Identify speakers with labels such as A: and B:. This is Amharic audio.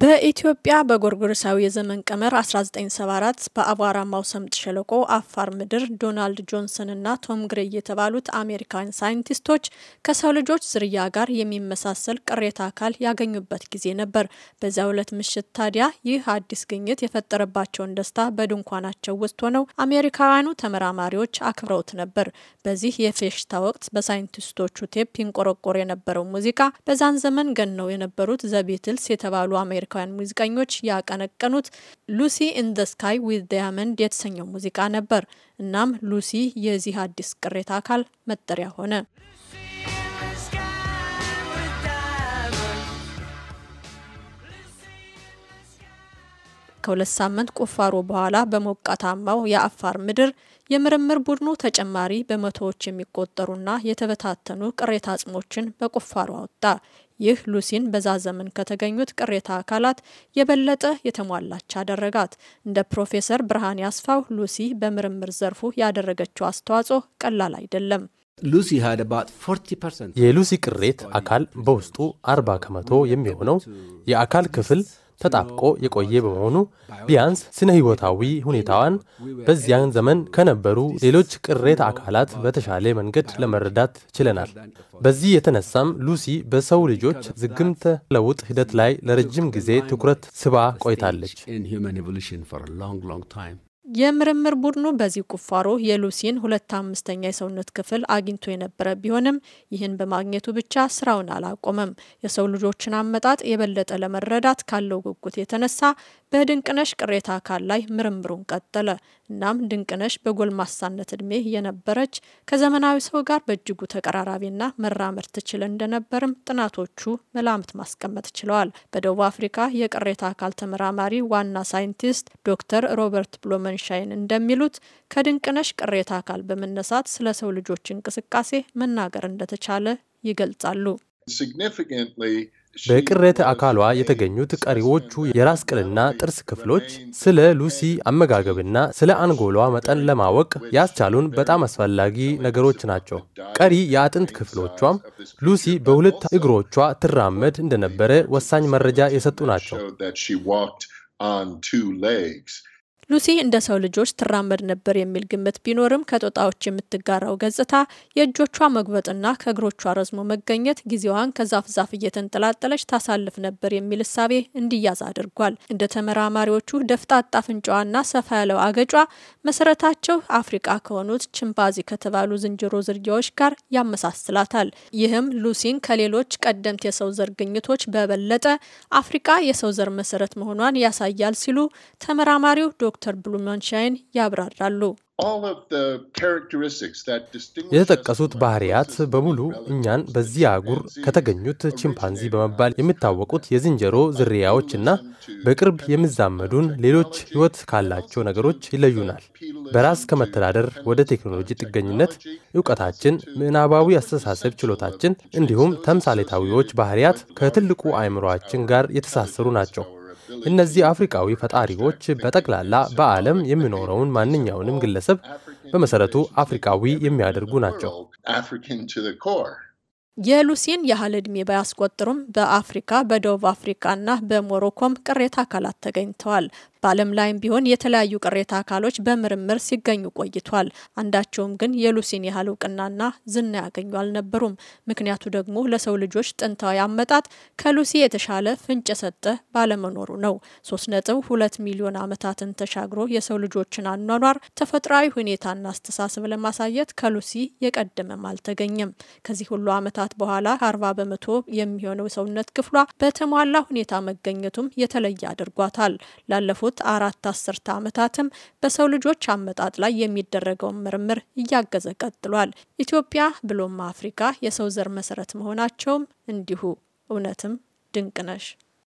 A: በኢትዮጵያ በጎርጎርሳዊ የዘመን ቀመር 1974 በአቧራማው ሰምጥ ሸለቆ አፋር ምድር ዶናልድ ጆንሰን እና ቶም ግሬይ የተባሉት አሜሪካን ሳይንቲስቶች ከሰው ልጆች ዝርያ ጋር የሚመሳሰል ቅሬታ አካል ያገኙበት ጊዜ ነበር። በዚያው ዕለት ምሽት ታዲያ ይህ አዲስ ግኝት የፈጠረባቸውን ደስታ በድንኳናቸው ውስጥ ሆነው አሜሪካውያኑ ተመራማሪዎች አክብረውት ነበር። በዚህ የፌሽታ ወቅት በሳይንቲስቶቹ ቴፕ ይንቆረቆር የነበረው ሙዚቃ በዛን ዘመን ገነው የነበሩት ዘቢትልስ የተባሉ አሜሪካውያን ሙዚቀኞች ያቀነቀኑት ሉሲ ኢን ዘ ስካይ ዊዝ ዳያመንድ የተሰኘው ሙዚቃ ነበር። እናም ሉሲ የዚህ አዲስ ቅሬታ አካል መጠሪያ ሆነ። ከሁለት ሳምንት ቁፋሮ በኋላ በሞቃታማው የአፋር ምድር የምርምር ቡድኑ ተጨማሪ በመቶዎች የሚቆጠሩና የተበታተኑ ቅሬታ አጽሞችን በቁፋሮ አወጣ። ይህ ሉሲን በዛ ዘመን ከተገኙት ቅሬታ አካላት የበለጠ የተሟላች አደረጋት። እንደ ፕሮፌሰር ብርሃን ያስፋው ሉሲ በምርምር ዘርፉ ያደረገችው አስተዋጽኦ ቀላል አይደለም።
B: የሉሲ ቅሬት አካል በውስጡ 40 ከመቶ የሚሆነው የአካል ክፍል ተጣብቆ የቆየ በመሆኑ ቢያንስ ስነ ህይወታዊ ሁኔታዋን በዚያን ዘመን ከነበሩ ሌሎች ቅሬት አካላት በተሻለ መንገድ ለመረዳት ችለናል። በዚህ የተነሳም ሉሲ በሰው ልጆች ዝግምተ ለውጥ ሂደት ላይ ለረጅም ጊዜ ትኩረት ስባ ቆይታለች።
A: የምርምር ቡድኑ በዚህ ቁፋሮ የሉሲን ሁለት አምስተኛ የሰውነት ክፍል አግኝቶ የነበረ ቢሆንም ይህን በማግኘቱ ብቻ ስራውን አላቆመም። የሰው ልጆችን አመጣጥ የበለጠ ለመረዳት ካለው ጉጉት የተነሳ በድንቅነሽ ቅሬታ አካል ላይ ምርምሩን ቀጠለ። እናም ድንቅነሽ በጎልማሳነት እድሜ የነበረች ከዘመናዊ ሰው ጋር በእጅጉ ተቀራራቢና መራመድ ትችል እንደነበርም ጥናቶቹ መላምት ማስቀመጥ ችለዋል። በደቡብ አፍሪካ የቅሬታ አካል ተመራማሪ ዋና ሳይንቲስት ዶክተር ሮበርት ብሎመን ዋይንሻይን እንደሚሉት ከድንቅነሽ ቅሬታ አካል በመነሳት ስለ ሰው ልጆች እንቅስቃሴ መናገር እንደተቻለ ይገልጻሉ።
B: በቅሬተ አካሏ የተገኙት ቀሪዎቹ የራስ ቅልና ጥርስ ክፍሎች ስለ ሉሲ አመጋገብና ስለ አንጎሏ መጠን ለማወቅ ያስቻሉን በጣም አስፈላጊ ነገሮች ናቸው። ቀሪ የአጥንት ክፍሎቿም ሉሲ በሁለት እግሮቿ ትራመድ እንደነበረ ወሳኝ መረጃ የሰጡ ናቸው።
A: ሉሲ እንደ ሰው ልጆች ትራመድ ነበር የሚል ግምት ቢኖርም ከጦጣዎች የምትጋራው ገጽታ የእጆቿ መግበጥና ከእግሮቿ ረዝሞ መገኘት ጊዜዋን ከዛፍ ዛፍ እየተንጠላጠለች ታሳልፍ ነበር የሚል እሳቤ እንዲያዝ አድርጓል። እንደ ተመራማሪዎቹ ደፍጣጣ አፍንጫዋና ሰፋ ያለው አገጯ መሰረታቸው አፍሪቃ ከሆኑት ቺምፓንዚ ከተባሉ ዝንጀሮ ዝርያዎች ጋር ያመሳስላታል። ይህም ሉሲን ከሌሎች ቀደምት የሰው ዘር ግኝቶች በበለጠ አፍሪቃ የሰው ዘር መሰረት መሆኗን ያሳያል ሲሉ ተመራማሪው ዶክተር ዶክተር ብሉመንሻይን ያብራራሉ።
B: የተጠቀሱት ባህሪያት በሙሉ እኛን በዚህ አህጉር ከተገኙት ቺምፓንዚ በመባል የሚታወቁት የዝንጀሮ ዝርያዎች እና በቅርብ የሚዛመዱን ሌሎች ሕይወት ካላቸው ነገሮች ይለዩናል። በራስ ከመተዳደር ወደ ቴክኖሎጂ ጥገኝነት፣ እውቀታችን፣ ምዕናባዊ አስተሳሰብ ችሎታችን እንዲሁም ተምሳሌታዊዎች ባህሪያት ከትልቁ አእምሮአችን ጋር የተሳሰሩ ናቸው። እነዚህ አፍሪካዊ ፈጣሪዎች በጠቅላላ በዓለም የሚኖረውን ማንኛውንም ግለሰብ በመሰረቱ አፍሪካዊ የሚያደርጉ ናቸው።
A: የሉሲን ያህል ዕድሜ ባያስቆጥሩም በአፍሪካ በደቡብ አፍሪካና በሞሮኮም ቅሬታ አካላት ተገኝተዋል። በዓለም ላይም ቢሆን የተለያዩ ቅሬታ አካሎች በምርምር ሲገኙ ቆይቷል። አንዳቸውም ግን የሉሲን ያህል እውቅናና ዝና ያገኙ አልነበሩም። ምክንያቱ ደግሞ ለሰው ልጆች ጥንታዊ አመጣጥ ከሉሲ የተሻለ ፍንጭ የሰጠ ባለመኖሩ ነው። ሶስት ነጥብ ሁለት ሚሊዮን ዓመታትን ተሻግሮ የሰው ልጆችን አኗኗር፣ ተፈጥሯዊ ሁኔታና አስተሳሰብ ለማሳየት ከሉሲ የቀደመም አልተገኘም። ከዚህ ሁሉ ዓመታት በኋላ አርባ በመቶ የሚሆነው የሰውነት ክፍሏ በተሟላ ሁኔታ መገኘቱም የተለየ አድርጓታል። ላለፉት ላለፉት አራት አስርተ ዓመታትም በሰው ልጆች አመጣጥ ላይ የሚደረገውን ምርምር እያገዘ ቀጥሏል። ኢትዮጵያ ብሎም አፍሪካ የሰው ዘር መሰረት መሆናቸውም እንዲሁ እውነትም ድንቅ ነሽ።